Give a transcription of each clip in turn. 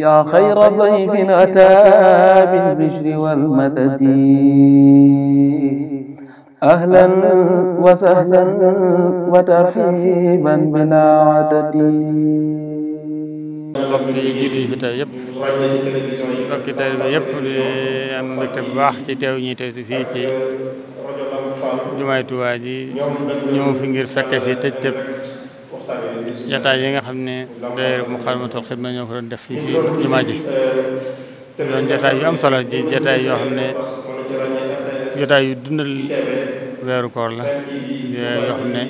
yaa xayra dayfin ataa bil bishri wal madadi ahlan wa sahlan wa tarxiiban bilaa adadi mbokk yi jiitu fi teew yëpp mbokki taalibe yëpp di am mbégte bu baax ci teew ñi teew si fii ci jumaay Tuubaa ji ñëw fi ngir fekke si tëj tëb jataay yi nga xam ne daayira Muxaddamatul Xidma ñoo ko def fii fii jumaa ji doon am solo ji jataay yoo xam ne jataay yu weeru koor la yoo xam ne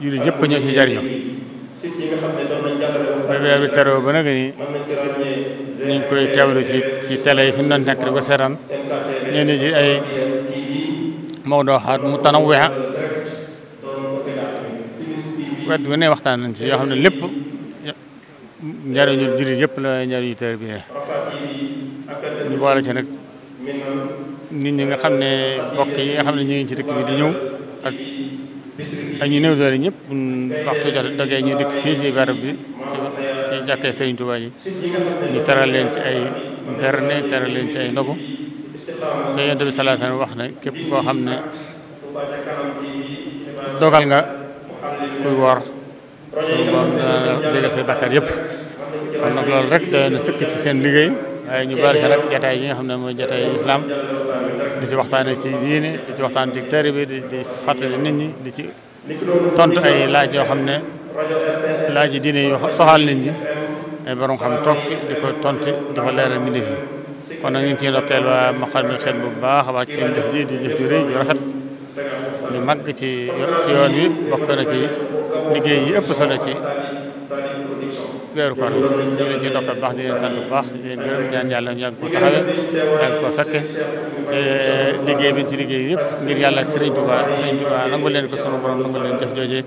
jullit yëpp ñoo ci jariñoo ba weer teroo ba ni ñu koy teewlu ci ci télé yi fi mu doon nekk di ko seetaan ñenn ay Maodo xaat mu tanaw wet gu ne waxtaan nañ ci yoo xam ne lépp njariñu jullit yëpp la njariñu tër bi ñu boole ci nag nit ñi nga xam ne bokk yi nga xam ne ñu ngi ci dëkk bi di ñëw ak ak ñu néew doole ñëpp waxtu jot dogee fii ci barab bi ci ci jàkkee yi ñu teral leen ci ay berne teral leen ci ay ndogu te Yonent bi sallallahu alayhi wax ne képp koo xam ne dogal nga kuy woor suñu borom dana jege say bakkaar yëpp kon nag loolu rek dana sëkk ci seen liggéey waaye ñu bari rek jataay yi nga xam ne mooy jataay islam di ci waxtaan ci diine di ci waxtaan ci tari bi di di nit ñi di ci tont ay laaj yoo xam ne laaj yi diine yu soxal nit ñi ay borom xam toog di ko tonti di ko leeral mi def yi kon nag ngi ciy ndokkeel waa Moukhaddamatoul Khidma bu baax wax ci seen jëf ji di jëf ju ju rafet ñu màgg ci yoon yi bokk na ci liggéey yi ëpp solo ci weeru koor ñu ngi ci toppal baax di leen sant bu baax di leen gërëm ñaan yàlla ñu yàgg ko taxawee yàgg ko fekke te liggéey bi ci liggéey yëpp ngir yàlla ak Serigne Touba Serigne Touba nangu leen ko sunu borom nangu leen jëf jooje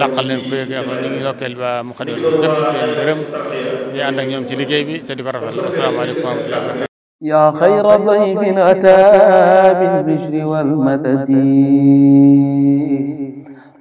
làqal leen ko yëg yàlla ñu ngi lokkeel ba mu xadoon ñëpp di leen gërëm di ànd ak ñoom ci liggéey bi te di ko rafetlu asalaamaaleykum wa rahmatulah wa barakatu yaa xayra dayfin ataa